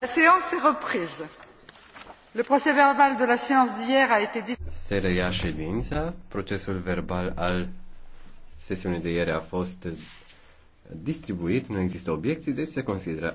La séance est reprise. Le procès verbal de la séance d'hier a été Se reia ședința. Procesul verbal al sesiunii de ieri a fost distribuit, nu există obiecții, deci se consideră